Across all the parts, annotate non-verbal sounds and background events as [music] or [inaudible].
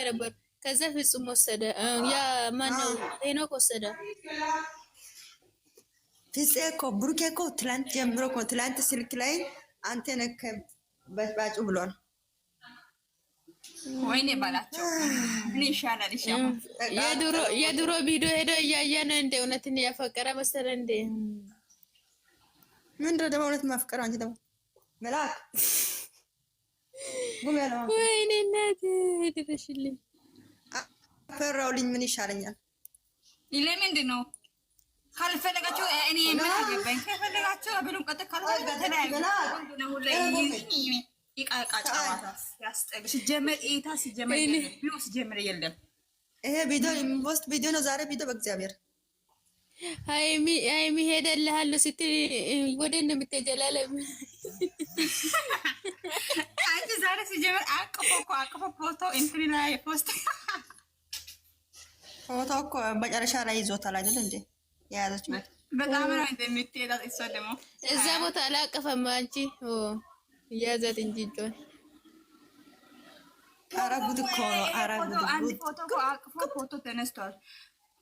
ኢትዮጵያ ነበር። ከዛ ፍጹም ወሰደ። ያ ማነው ሄኖክ ወሰደ። ፍፄ እኮ ብሩኬ እኮ ትላንት ጀምሮ እኮ ትላንት ስልክ ላይ አንተ ነከ በጭባጩ ብሏል። ወይኔ ባላቸው ምን ይሻላል? የድሮ ቪዲዮ ሄደ እያየ ነው እንደ እውነትን ያፈቀረ መሰለ እንዴ? ምንድን ነው ደግሞ እውነት ማፍቀረ አንቺ ደግሞ መላክ ወይኔ እናት ድረሽልኝ። ፈራውልኝ። ምን ይሻለኛል? ለምንድን ነው ካልፈለጋቸው እኔ ምን አገባኝ? ከፈለጋቸው ብሉን ቀጥ ሲጀመር የለም ይሄ ቪዲዮ የሚወስድ ቪዲዮ ነው። ዛሬ ቪዲዮ በእግዚአብሔር ሃይሚ ሄደልሃለሁ ስትል ወደ እንደምትሄጂ አላለም አንቺ ዛሬ ሲጀምር አቅፎ እኮ አቅፎ ፎቶ እንትሪ ላይ ፖስት ፎቶ እኮ መጨረሻ ላይ ይዞታል አይደል እንዴ? የያዘችው በጣም ነው እንደምትሄዳት እሷ ደግሞ እዛ ቦታ አላቀፈም። አንቺ እያዘት እንጂ እጇን ኧረ ጉድ እኮ ነው። ኧረ ጉድ ፎቶ ፎቶ ተነስቷል።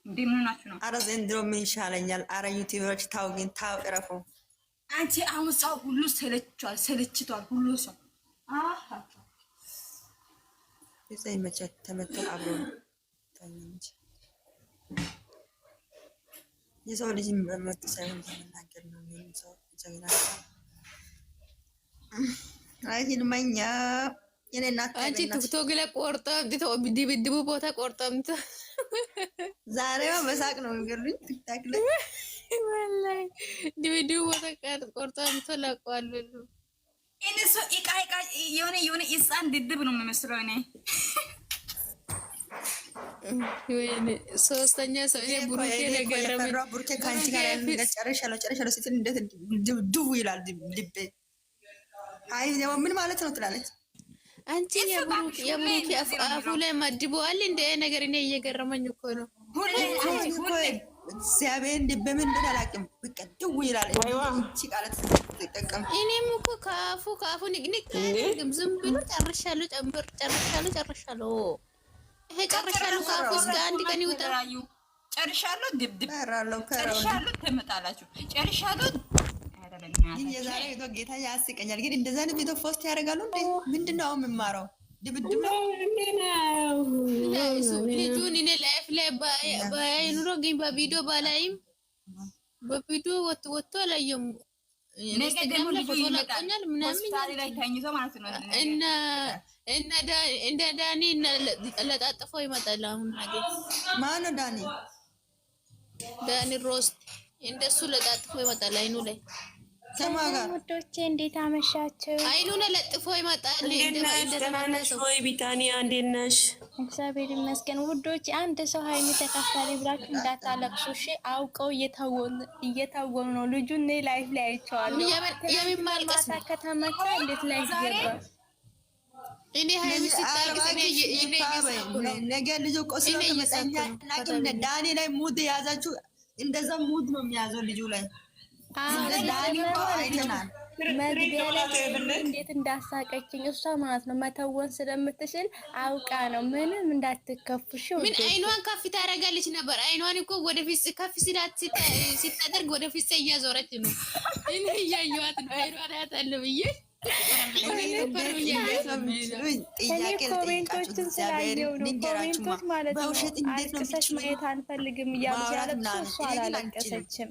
እንደምን ናችሁ ነው? ኧረ ዘንድሮ ምን ይሻለኛል? ኧረ ዩቲዩበሮች ታው ግን ታው እረፉ። አንቺ አሁን ሰው ሁሉ ሰለችቷል፣ ሰለችቷል ሁሉ ሰው አሃ የዛይ መቼ ተመተው አብሮ ታኝንጂ የሰው ልጅ መመት ሳይሆን መናገር ነው። ምንም ሰው ጀግና አይ ፊልመኛ የኔ እናት አንቺ ቲክቶክ ላይ ቆርጠ ድብድቡ ቦታ ቆርጠምት ዛሬው መሳቅ ነው የሚገርምኝ ቲክታክ ላይ ወላሂ ዲቪዲዮ ወረቀት ቆርጦ አምጥቶ ለቀዋል። እነሱ እቃ እቃ የሆነ የሆነ ህፃን ድድብ ነው የሚመስለው። እኔ ወይኔ ሶስተኛ ሰው እኔ ቡሩኬ ነገረመኝ። ቡሩኬ ከአንቺ ጋር ጨርሻለሁ ጨርሻለሁ ስትል እንዴት ድው ይላል ልቤ። አይ ደግሞ ምን ማለት ነው ትላለች። አንቺ የቡሩኬ አፉ ላይ መድበዋል እንደ ነገር እኔ እየገረመኝ እኮ ነው እግዚአብሔር በምን እንደሆነ አላውቅም። በቃ ድው ይላል። እቺ ቃላት ተጠቀም። እኔም እኮ ካፉ ካፉ ንቅንቅ አያደርግም። ዝም ብሎ ጨርሻለሁ፣ ጨምር ጨርሻለሁ፣ ጨርሻለሁ። ይሄ ጨርሻለሁ ካፉ እስከ አንድ ቀን ይውጣል። ጨርሻለሁ፣ ድብድብ ጨርሻለሁ፣ ትመጣላችሁ። ጨርሻለሁ ግን የዛሬ ጌታ ያስቀኛል። ግን እንደዛ ነው ቪዲዮ ፖስት ያደርጋሉ። ምንድን ነው የምማረው? ላይፍ ላይ በያይ ኑሮ እንደ ዳኒ ለጣጥፎ ይመጣል። አሁን ማነው ዳኒ ዳኒ ሮስት እንደሱ ለጣጥፎ ይመጣል አይኑ ላይ ውዶቼ እንዴት አመሻችሁ? አይኑን ለጥፎ ይመጣል። ደህናነሽ ቢታኒያ እንዴት ነሽ? እግዚአብሔር ይመስገን ውዶች አንድ ሰው ሀይሚ ተካፍታለች ብላችሁ እንዳታለቅሱ እሺ። አውቀው እየታወኑ ነው። ልጁ እኔ ላይፍ ላይ አይቼዋለሁ። የሚማልቀስ ከተመታ እንዴት ላይ ይገባል? እኔ ሀይሚ ስታልቅስ ነገ ልጁ ቆስሎ ተመጣኛ ዳኔ ላይ ሙድ የያዛችሁ እንደዛ ሙድ ነው የሚያዘው ልጁ ላይ መግቢያ ላይ እንዴት እንዳሳቀችኝ እሷ ማለት ነው። መተወን ስለምትችል አውቃ ነው። ምንም እንዳትከፉሽ። ምን አይኗን ከፍ ታደርጋለች ነበር። አይኗን እኮ ወደፊት ከፍ ሲላት [laughs] ሲታደርግ ወደፊት እያዞረች ነው። እኔ እያየኋት ነው። አይኗን ያታለ ብዬ ኮሜንቶችን ስላየው ነው። ኮሜንቶች ማለት ነው አልቅሰች ማየት አንፈልግም እያሉ ሲያለቅሱ እሷ አላለቀሰችም።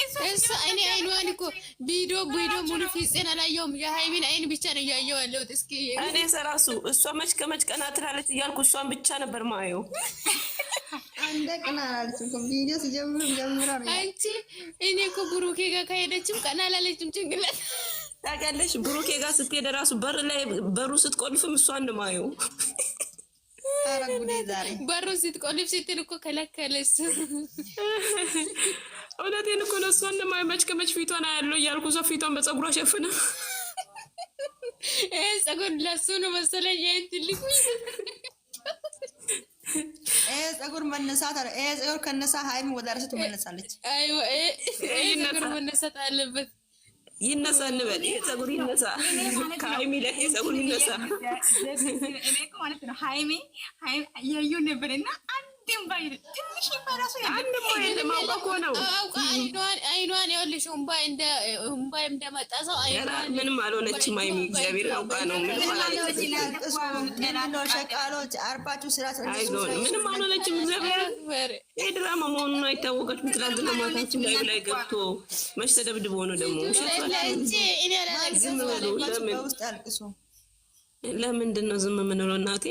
እሷ እኔ አይኗን እኮ ቢዶ ቢዶ ሙሉ ፊጽን አላየውም። የሀይሚን አይን ብቻ ነው እያየው ያለሁት። እስኪ እኔ እራሱ እሷ መች ከመች ቀና ትላለች እያልኩ እሷን ብቻ ነበር ማየው። አንደ ቀና አላለችም ቢዶ ሲጀምር ጀምራ አንቺ እኔ እኮ ብሩኬ ጋር ከሄደችም ቀና አላለችም። ጭንቅላት ታውቂያለሽ። ብሩኬ ጋር ስትሄደ ራሱ በር ላይ በሩ ስትቆልፍም እሷን ነው ማየው። በሩ ስትቆልፍ ስትል እኮ ከለከለች እውነቴን እኮ ነው። እሷን መች ከመች ፊቷን አያለው እያልኩ እሷ ፊቷን በፀጉሯ ሸፍነ ፀጉር ለሱ ነው መሰለኝ። ይህን ትልቅ ፀጉር መነሳት አለ። ፀጉር ከነሳ ሀይሚ ወደ ራሱ ትመለሳለች። ፀጉር መነሳት አለበት። ይነሳ እንበል። ይህ ፀጉር ይነሳ ከሀይሚ ላይ ፀጉር ይነሳ። እኔ እኮ ማለት ነው ሀይሚ ሀይሚ እያየሁ ነበር እና አንድ አይኗን ይኸውልሽ፣ እምባ እንደመጣ ሰው ምንም አልሆነችም። አይሚ እግዚአብሔር አውቃ ነው። ምንም አልሆነችም። እግዚአብሔር የድራማ መሆኑን አይታወቀችም። ትናንትና ማታችን ላይ ላይ ገብቶ መች ተደብድቦ ነው ደግሞ ለምንድን ነው ዝም የምንለው እናቴ?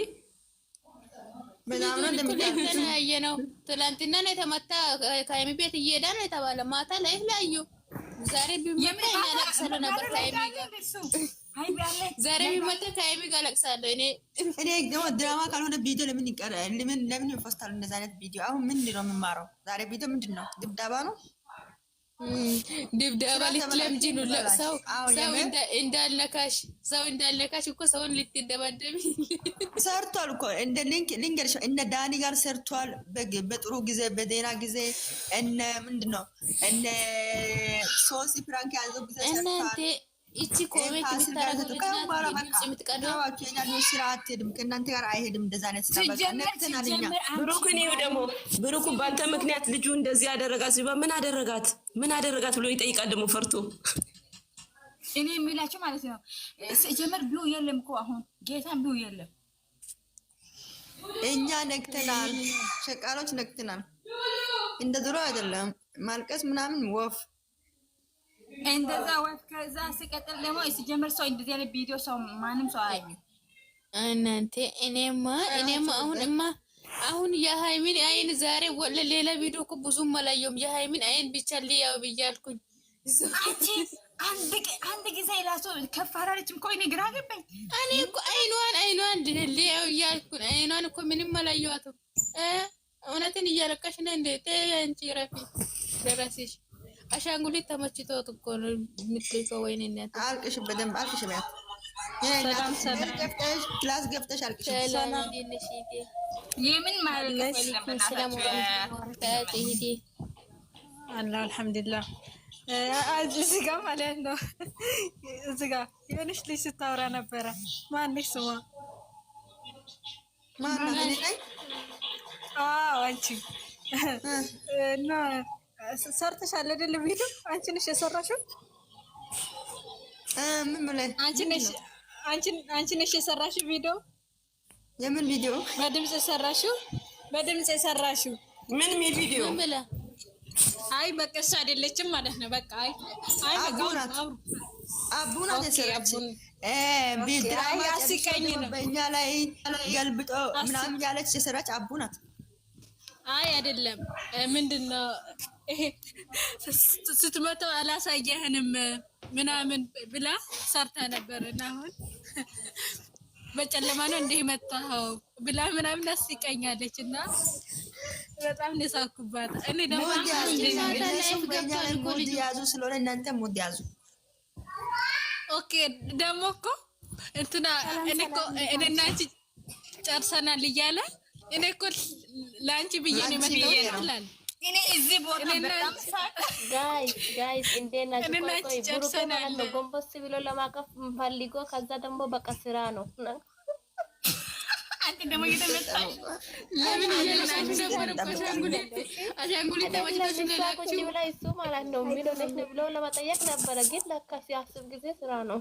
ምናምንየተለያየ ነው። ትላንትና ነው የተመታ ከሀይሚ ቤት እየሄዳ ነው የተባለ ማታ ላይ ላዩ ዛሬ ቢመጣ ያለቅሳለሁ ነበር ዛሬ ቢመጣ ከሀይሚ ጋር ለቅሳለሁ። እኔ እኔ ደግሞ ድራማ ካልሆነ ቪዲዮ ለምን ይቀር ለምን ለምን ይፈስታሉ? እንደዚህ አይነት ቪዲዮ አሁን ምንድን ነው የምማረው? ዛሬ ቪዲዮ ምንድን ነው? ድብደባ ነው ድብደባ ልትለምጂ ነው። ሰው እንዳልነካሽ ሰው እንዳልነካሽ እኮ ሰውን ልትደባደቢ ሰርቷል እኮ እንደ ልንገርሽ፣ እነ ዳኒ ጋር ሰርቷል። በጥሩ ጊዜ በዜና ጊዜ እነ ምንድነው እነ ሶሲ ፕራንክ ያዘው ጊዜ ሰርቷል። እቺ ኮሜንት የምታረጉት ስራ አትሄድም፣ ከእናንተ ጋር አይሄድም። እንደዛ አይነት ብሩክን ይኸው ደግሞ ብሩክን በአንተ ምክንያት ልጁ እንደዚህ ያደረጋት ሲባ ምን አደረጋት ምን አደረጋት ብሎ ይጠይቃል ደግሞ ፈርቶ። እኔ የሚላቸው ማለት ነው ሲጀመር ብሉ የለም እኮ አሁን ጌታ ብሉ የለም። እኛ ነግተናል፣ ሸቃሎች ነግተናል። እንደ ድሮ አይደለም ማልቀስ ምናምን ወፍ እንደዛ ወይ ከዛ ሲቀጥል ደግሞ ሲጀምር ሰው እንደዚህ አይነት ቪዲዮ ሰው ማንም ሰው አይ እናንተ እኔማ እኔማ አሁንማ አሁን የሃይሚን አይን ዛሬ ወለ ሌላ ቪዲዮ እኮ ብዙም አላየሁም። የሃይሚን አይን ብቻ ልያው ብያልኩኝ። አንቺ አንድ አንድ ጊዜ ራሱ ከፍ እኮ እኔ ግራ ገባኝ። እኔ እኮ አይኗን አይኗን ልያው እያልኩኝ አይኗን እኮ ምንም አላየኋትም። እውነትን እያለቀሽ ነው እንዴ? ተይ አንቺ ረፊ ደረስሽ አሻንጉሊት ተመችቶት እኮ ነው የምትልከው። ወይኔ እናት አልቅሽ፣ በደንብ አልቅሽ። ማለት ሰላም ሰላም ገፍተሽ ክላስ ገፍተሽ አልቅሽ። ሰላም ዲንሽ ይዲ የምን ማለት ሰላም ወራህመት ይዲ አላ አልሐምዱሊላህ። እዚህ ጋር ማለት ነው እዚህ ጋር የሆነች ልጅ ስታወራ ነበረ። ማንሽ ስሟ ማን ነው? አዎ አንቺ እና ሰርተሻል አይደል? ቪዲዮ አንቺ ነሽ የሰራሽው? ምን ብለ አንቺ ነሽ አንቺ ነሽ የሰራሽው ቪዲዮ? የምን ቪዲዮ? በድምጽ የሰራሽው በድምጽ የሰራሽው ምን ምን ቪዲዮ? ምን ብለ አይ በቃ እሱ አይደለችም ማለት ነው። በቃ አይ አይ አቡ አቡና አቡ እ የሰራችው ቢድራማ ነው በእኛ ላይ ገልብጦ ምናምን ያለች የሰራች አቡናት አይ አይደለም፣ ምንድን ነው ስትመጣው አላሳየህንም ምናምን ብላ ሰርታ ነበር እና አሁን በጨለማ ነው እንዲህ መጣኸው ብላ ምናምን አስቀኛለች እና በጣም ነው እኔ ደግሞ ሙድ ያዙ ስለሆነ እናንተ ሙድ ያዙ። ኦኬ ደግሞ እኮ እንትና እኔ እኮ እኔና አንቺ ጨርሰናል እያለ እኔ እኮ ለአንቺ ብዬ ነው የመጣሁት። እኔ እዚህ ቦታ በጣም ጎንበስ ብሎ ለማቀፍ ፈልጎ ከዛ ደግሞ በቃ ስራ ነው። አንተ ደግሞ ለምን እሱ ማለት ነው ብሎ ለመጠየቅ ነበረ፣ ግን ለካ ሲያስብ ጊዜ ስራ ነው።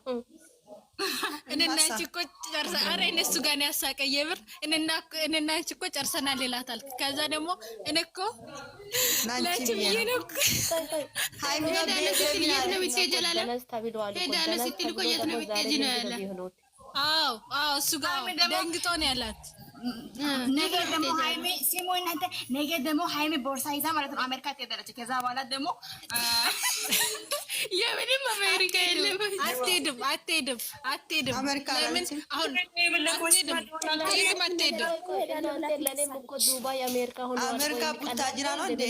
እንና አንቺ እኮ ጨርሰን ኧረ እኔ ጋር ነው ያሳቀኝ። የምር እኮ ጨርሰናል ይላታል። ከዛ ደግሞ እኔ እኮ ላንቺ ብዬ ነው ሄዳለሁ ስትል እኮ የት ነው የምትሄጂው ነው ያላት። አዎ አዎ እሱ ጋር ደንግጦ ነው ያላት። ነገ ደግሞ ሀይሜ እናንተ ነገ ደግሞ ሀይሜ ቦርሳ ይዛ ማለት ነው አሜሪካ ትሄዳለች። ከዛ በኋላ ደግሞ የምንም አሜሪካ የለም። አትሄድም፣ አትሄድም፣ አትሄድም። ለምን አሁን አትሄድም፣ አትሄድም። ዱባይ አሜሪካ ሆኖ አሜሪካ ቡታጅራ ነው እንዴ?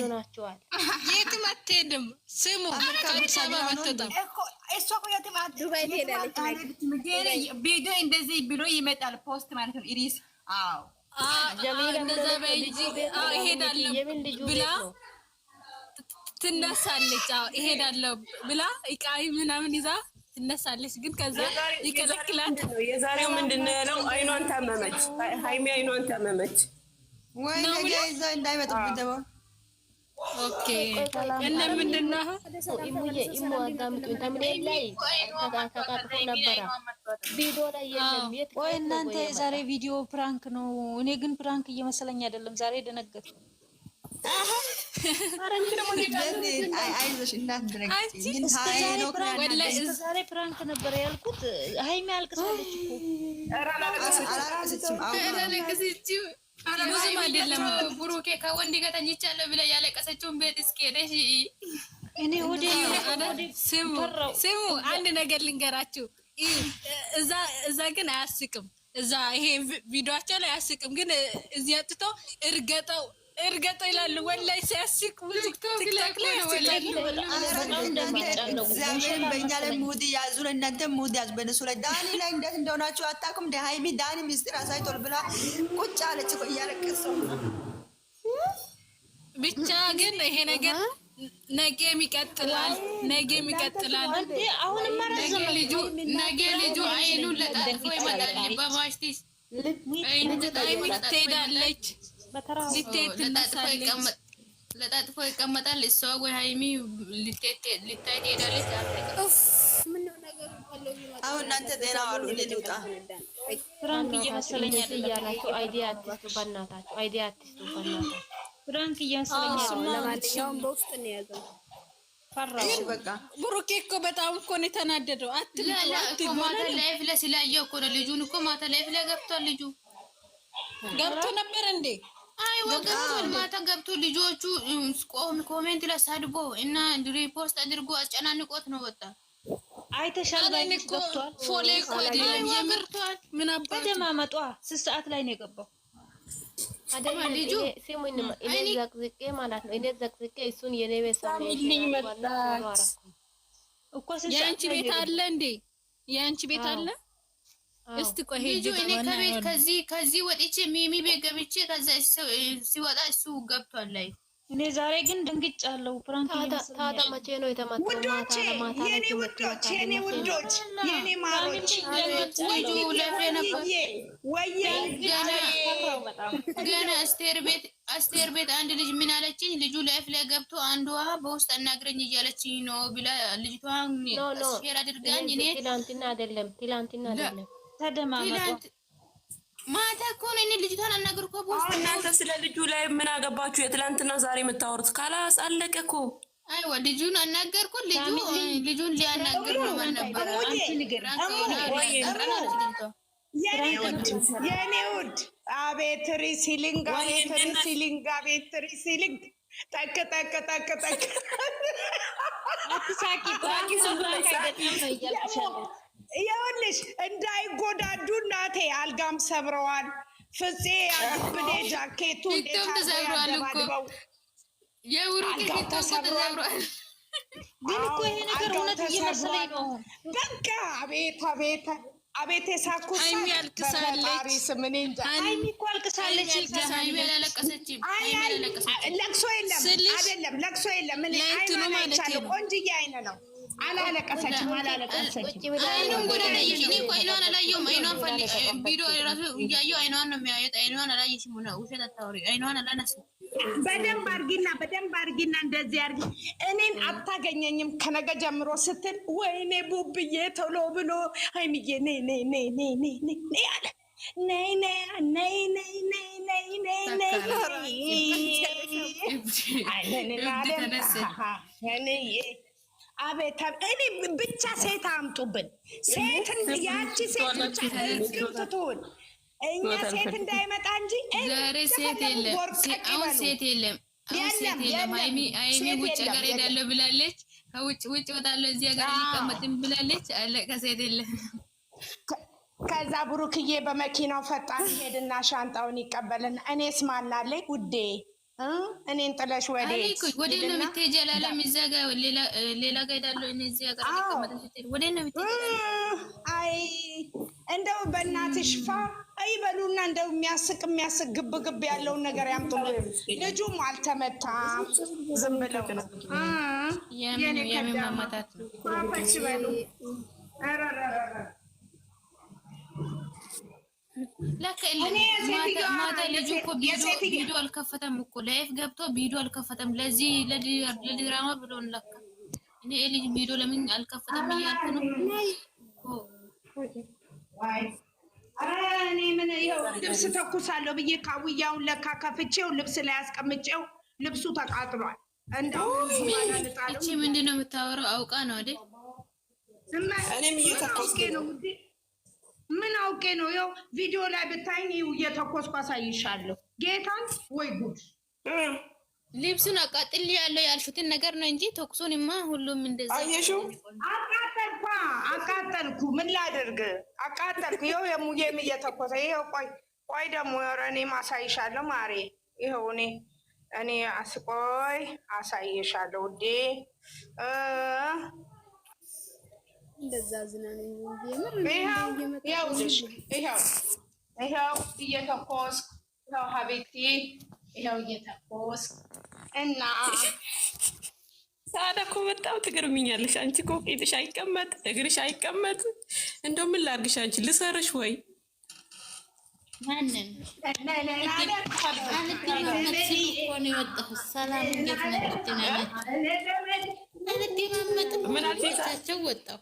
የትም አትሄድም። ስሙ አበባ አትወጣም። እሷ ቪዲዮ እንደዚህ ብሎ ይመጣል ፖስት ማለት ነው ኢሪስ አዎ ትነሳለች። አዎ እሄዳለሁ ይዛ ትነሳለች። ግን ከዛ ይከለክላል። የዛሬው ምንድን ነው ታመመች፣ ሀይሚ አይኗን ታመመች ወይ ይዛ ኦኬ ነበረ፣ ቆይ እናንተ የዛሬ ቪዲዮ ፕራንክ ነው። እኔ ግን ፕራንክ እየመሰለኝ አይደለም። ዛሬ ደነገጥኩ። ዛሬ ፕራንክ ያልኩት። ሀይሚ አልቅሳለች ብዙም አይደለም። ብሩኬ ከወንድ ጋር ተኝቻለሁ ያለቀሰችውን ቤት እስኪ ሄደሽ ስሙ ስሙ፣ አንድ ነገር ልንገራችሁ። እዛ ግን አያስቅም። እዛ ይሄ ቪዲዮቸው ላይ አያስቅም፣ ግን እዚህ አጥቶ እርገጠው እርገጠ ይላሉ። ወላይ ሲያስቅ ቲክቶክ እግዚአብሔርን በእኛ ላይ ሙድ ያዙ፣ እናንተ ሙድ ያዙ በነሱ ላይ። ዳኒ ላይ እንደት እንደሆናችሁ አታውቅም። እንደ ሀይሚ ዳኒ ሚስጥር አሳይቶል ብላ ቁጭ አለች እኮ እያለቀሰው። ብቻ ግን ይሄ ነገር ነገም ይቀጥላል፣ ነገም ይቀጥላል። ነገ ልጁ አይኑ ለጣጥፎ ይመጣል። በባሽቲስ ትሄዳለች ለጣጥፎ ይቀመጣል። እሷ ወይ ሀይሚ ልታይ ትሄዳለች። አሁን እናንተ ጤና ዋሉ። ልውጣ። ፍራንክ እየመሰለኝ እያላችሁ አይዲያ አትስጡ፣ በእናታችሁ አይዲያ አትስጡ፣ በእናታችሁ ፍራንክ እያመሰለኝ። ለማንኛውም በውስጥ ነው የያዘው። ብሩኬ እኮ በጣም እኮ ነው የተናደደው። ማታ ላይፍ ላይ ስላየው እኮ ነው ልጁን እኮ ማታ ላይፍ ላይ ገብቷል። ልጁ ገብቶ ነበር እንዴ? አይ ወገቡን ማታ ገብቶ ልጆቹ ኮሜንት ላይ ሰድቦ እና ሪፖርት አድርጎ አስጨናንቆት ነው ወጣ። አይተሻል። ፎሌ እኮ የምርቷል። ምን አባ በደማመጧ ስንት ሰዓት ላይ ነው የገባው? ልጁ ስሙኝ፣ እኔ ዘቅዝቄ ማለት ነው እኔ እሱን የኔ ቤት ሰዓት ላይ ነው የገባው? የአንቺ ቤት አለ እንዴ? የአንቺ ቤት አለ እስቲ ቆይ ሄጂ እኔ ከቤት ከዚህ ከዚህ ወጥቼ ሚሚ ቤት ገብቼ ከዛ ሲወጣ እሱ ገብቷል ላይ እኔ ዛሬ ግን ድንግጭ አለው። ፕራንክ ታታ መቼ ነው የተማተው? ማታ ማታ የኔ ውዶች፣ የኔ ውዶች፣ የኔ ማሮች ወየ ገና አስቴር ቤት አስቴር ቤት አንድ ልጅ ምን አለችኝ? ልጁ ላይፍ ላይ ገብቶ አንዷ በውስጥ አናግረኝ እያለችኝ ነው ብላ ልጅቷ ሼር አድርጋኝ። እኔ ትላንትና አይደለም ትላንትና አይደለም ተደማመጡ። ማታ እኮ ነው እኔ ልጅቷን አናገርኩ። ቦስ እናንተ ስለ ልጁ ላይ ምን አገባችሁ? የትላንትና ዛሬ የምታወሩት ካላስ አለቀ እኮ። አይዋ ልጁን አናገርኩ። ልጁ ልጁን ሊያናገር ነው ነበር። የኔ ውድ አቤት ሪሲሊንግ፣ አቤት ሪሲሊንግ፣ አቤት ሪሲሊንግ ጠቅ ጠቅ ጠቅ ጠቅ ይኸውልሽ እንዳይጎዳዱ እናቴ አልጋም ሰብረዋል። ፍፄ ያዝብዴ ጃኬቱ በቃ አቤት አቤት አቤት ለቅሶ የለም አይደለም፣ ለቅሶ የለም። ምን አይቻለሁ። ቆንጅዬ አይነ ነው አላለቀሰችም አላለቀሰችም። አይኑን ጉድ አላየሽ። እኔ እኮ አይኗን አላየሁም። አይኗን ፈልግ ቢዶ ራሱ እያየሁ አይኗን ነው የሚያየት። አይኗን አላየሽም። ውሸት አታወሪ። አይኗን አላነሳ በደንብ አርጊና በደንብ አርጊና እንደዚህ አርጊ። እኔን አታገኘኝም ከነገ ጀምሮ ስትል ወይኔ ቡብዬ ቶሎ ብሎ ሀይሚዬ ኔ ኔ ኔ ኔ ኔ ኔ አለ ነይ ነይ ነይ ነይ ነይ ነይ ነይ ነይ ነይ ነይ አቤት እኔ ብቻ ሴት አምጡብን። ሴትን ያቺ ሴት ብቻ ትትሆን እኛ ሴት እንዳይመጣ እንጂ ዛሬ ሴት የለም። አሁን ሴት የለም። አሁን ሴት የለም። አይሚ አይሚ ውጭ ሀገር ሄዳለሁ ብላለች። ከውጭ ውጭ ወጣለሁ እዚህ ሀገር ሊቀመጥም ብላለች። አለ ከሴት የለም። ከዛ ብሩክዬ በመኪናው ፈጣን ሄድና ሻንጣውን ይቀበልና እኔስ ማናለኝ ውዴ እኔን ጥለሽ ወዴት ወዴት ነው የምትሄጂ? አላለም እዚያ ጋር ሌላ ጋር ሄዳለሁ እኔ እዚያ ጋር ወዴት ነው የምትሄጂ? አይ እንደው በእናትሽ ፋ ይበሉና እንደው የሚያስቅ የሚያስቅ ግብ ግብ ያለውን ነገር ያምጡ። ልጁም አልተመታም፣ ዝም ብለው ነው የኔ ከዳ ማማታት በሉ ቪዲዮ አልከፈተም እኮ ላይፍ ገብቶ ቪዲዮ አልከፈተም። ለዚህ ለድራማ ብሎ ለካ እኔ ልጅ ቪዲዮ ለምን አልከፈተም እያልኩ ነው። እኔ ምን ይኸው ልብስ ተኩሳለሁ ብዬ ካውያውን ለካ ከፍቼው ልብስ ላይ አስቀምጬው ልብሱ ተቃጥሏል። እንደው ምንድን ነው የምታወራው? አውቃ ነው አይደል? ዝም ብዬሽ ነው ውዴ ምን አውቄ ነው? ያው ቪዲዮ ላይ ብታይኝ እየተኮስኩ አሳይሻለሁ። ጌታን ወይ ጉድ! ልብሱን አቃጥል ያለው ያልሹትን ነገር ነው እንጂ ተኩሱንማ ሁሉም እንደዛ አየሹ። አቃጠልኩ አቃጠልኩ፣ ምን ላድርግ? አቃጠልኩ። ይኸው የሙዬም እየተኮሰ ይኸው። ቆይ ቆይ ደግሞ ኧረ እኔም አሳይሻለሁ ማሬ። ይኸው እኔ እኔ አስቆይ አሳይሻለሁ ውዴ እንደዛ ዝናነኝ ይኸው እየተኮስኩ ይኸው ሀቤቴ ይኸው እየተኮስኩ እና ሳዳ እኮ በጣም ትገርሚኛለሽ። አንቺ እኮ ፊትሽ አይቀመጥ እግርሽ አይቀመጥ። እንደው ምን ላድርግሽ አንቺ ልሰርሽ ወይ ማንን ወጣሁ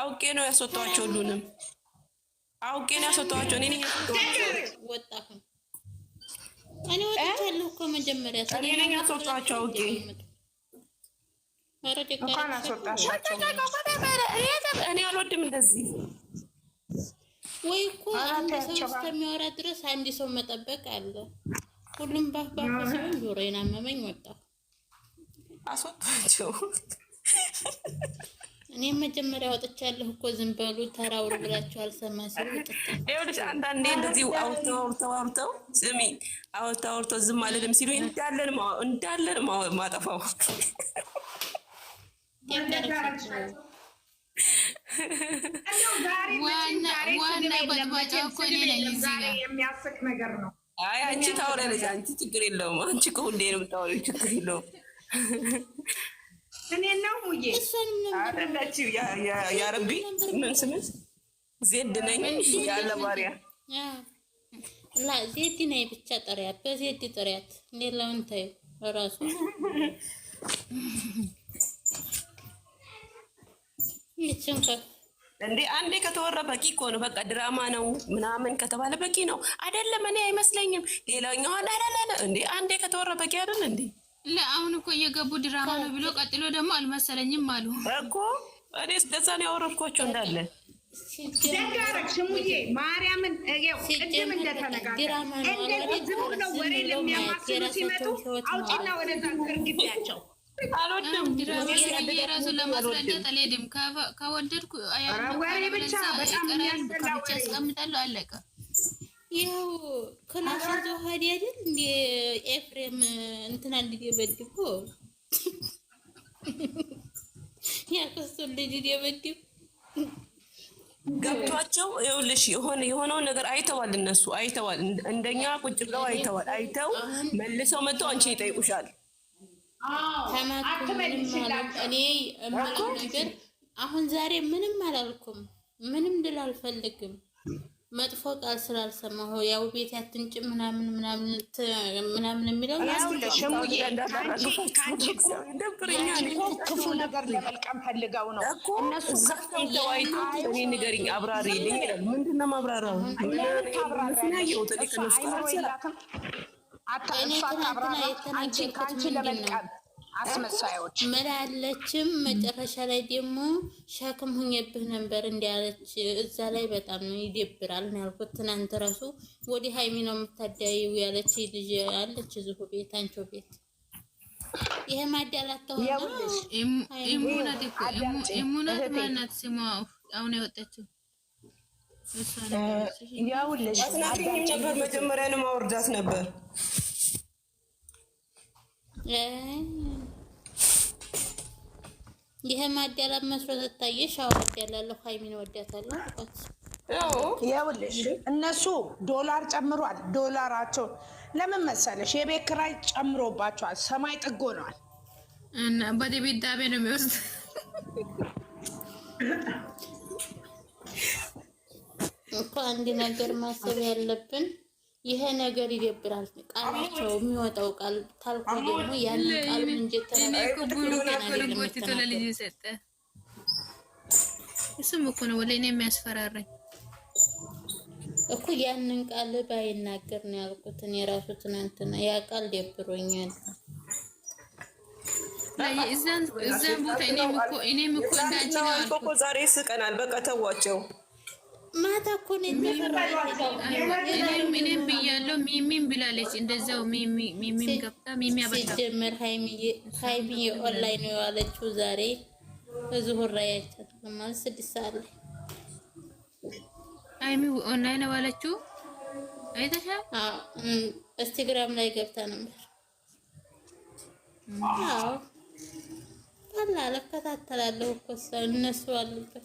አውቄ ነው ያስወጣኋቸው። ሁሉንም አውቄ ነው ያስወጣኋቸው። እኔ እኔ እኮ መጀመሪያ ያስወጣኋቸው አውቄ እኔ አልወድም እንደዚህ ወይ እኮ አንድ ሰው እስከሚያወራ ድረስ አንድ ሰው መጠበቅ አለ። ሁሉም ባፍ ባፍ ሲሆን ጆሮዬን አመመኝ ወጣሁ። አስወጣቸው እኔም መጀመሪያ ወጥቻለሁ እኮ ዝም በሉ ተራውር ብላችሁ አልሰማ ሲሉ ይኸውልሽ፣ አንዳንዴ እንደዚህ አውርተው አውርተው አውርተው ስሚ አውርተው አውርተው ዝም አልልም ሲሉ እንዳለን እንዳለን ማጠፋው ዋና የሚያስቅ ነገር ነው። አይ አንቺ ታውሪያለሽ፣ አንቺ ችግር የለውም። አንቺ እኮ ሁሌ ነው የምታወሪው፣ ችግር የለውም። እኔ ነው ሙዬ አደላችሁ ያረቢ ምን ስምስ ዜድ ነኝ ያለ ባሪያ ላ ዜድ ነኝ ብቻ ጥሪያት በዜድ ጠሪያት። ሌላውን ታዩ ራሱ እንዴ አንዴ ከተወራ በቂ እኮ ነው። በቃ ድራማ ነው ምናምን ከተባለ በቂ ነው አይደለም? እኔ አይመስለኝም። ሌላኛው አላላላ እንዴ አንዴ ከተወራ በቂ አይደል እንዴ? ለአሁን እኮ እየገቡ ድራማ ነው ብሎ ቀጥሎ ደግሞ አልመሰለኝም አሉ እኮ። እኔ እስከዛ ነው ያወረድኳቸው እንዳለ ደጋረግ ሽሙዬ ማርያምን ቅድም እንደተነጋገርን እንደዚህ ዝም ብለው ወሬ ለሚያማስሉ ሲመጡ አውጭና ወደዛ ግርግቢያቸው የራሱ ለማስረዳት አልሄድም። ከወደድኩ ወሬ ብቻ በጣም ያስቀምጣለሁ አለቀ። ይኸው ከናሽን ተዋህድ አይደል እንደ ኤፍሬም እንትና ልጅ የበድቦ ያከሱን ልጅ የበድብ ገብቷቸው ይኸውልሽ የሆነ የሆነውን ነገር አይተዋል። እነሱ አይተዋል፣ እንደኛ ቁጭ ብለው አይተዋል። አይተው መልሰው መጥተው አንቺ ይጠይቁሻል። እኔ ነገር አሁን ዛሬ ምንም አላልኩም፣ ምንም ድል አልፈልግም መጥፎ ቃል ስላልሰማሁ ያው ቤት ያትንጭ ምናምን ምናምን የሚለው ክፉ ነገር ለመልቀም ፈልገው ነው እነሱ ንገሪኝ፣ ይላል። ምንድን ነው ከአንቺ ለመልቀም አስመሳዮች ምን አለችም? መጨረሻ ላይ ደግሞ ሸክም ሁኜብህ ነበር እንዲያለች እዛ ላይ በጣም ይደብራል ነው ያልኩት። ትናንት ራሱ ወደ ሀይሚ ነው የምታዳይው ያለች ልጅ አለች እዚሁ ቤት፣ አንቺ ቤት ይሄ ማዳላት ተሆነ ኢሙናት ማናት ስሟ አሁን የወጣችው ያውልሽ ነበር። መጀመሪያንም አውርዳት ነበር ይሄ ማዳላት መስሎ ተታየሽ? አዎ አዳላለሁ። ሀይሚን ወዳታለሁ። ይኸውልሽ እነሱ ዶላር ጨምሯል። ዶላራቸው ለምን መሰለሽ? የቤት ጨምሮባቸዋል። ሰማይ ጥግ ሆነዋል። በዲ ቢዳቤ ነው የሚወስድ እኮ አንድ ነገር ማሰብ ያለብን ይሄ ነገር ይደብራል። ቃላቸው የሚወጣው ቃል ታልኮ ደግሞ ያን ቃል እንጀት ተናገርኩት እሱም እኮ ነው ወላሂ እኔ የሚያስፈራራኝ እኮ ያንን ቃል ባይናገር ነው ያልኩት። እኔ ራሱ ትናንትና ያ ቃል ደብሮኛል። እዛን ቦታ እኔም እኮ እንዳንቺ ነው ያልኩት። ዛሬ ስቀናል። በቃ ተዋቸው። ማታ እኮ እኔም ብያለሁ። ሚሚም ብላለች እንደዛው ሚሚም ገብታ ሚሚ ሲጀምር ሀይሚዬ ኦንላይን የዋለችው ዛሬ ዙሁር ላይ አይቻልም ማለት ስድስት ሰዓት ላይ ሀይሚ ኦንላይን የዋለችው አይተሻል? ኢንስታግራም ላይ ገብታ ነበር። አዎ አላ እከታተላለሁ እኮ እነሱ አሉበት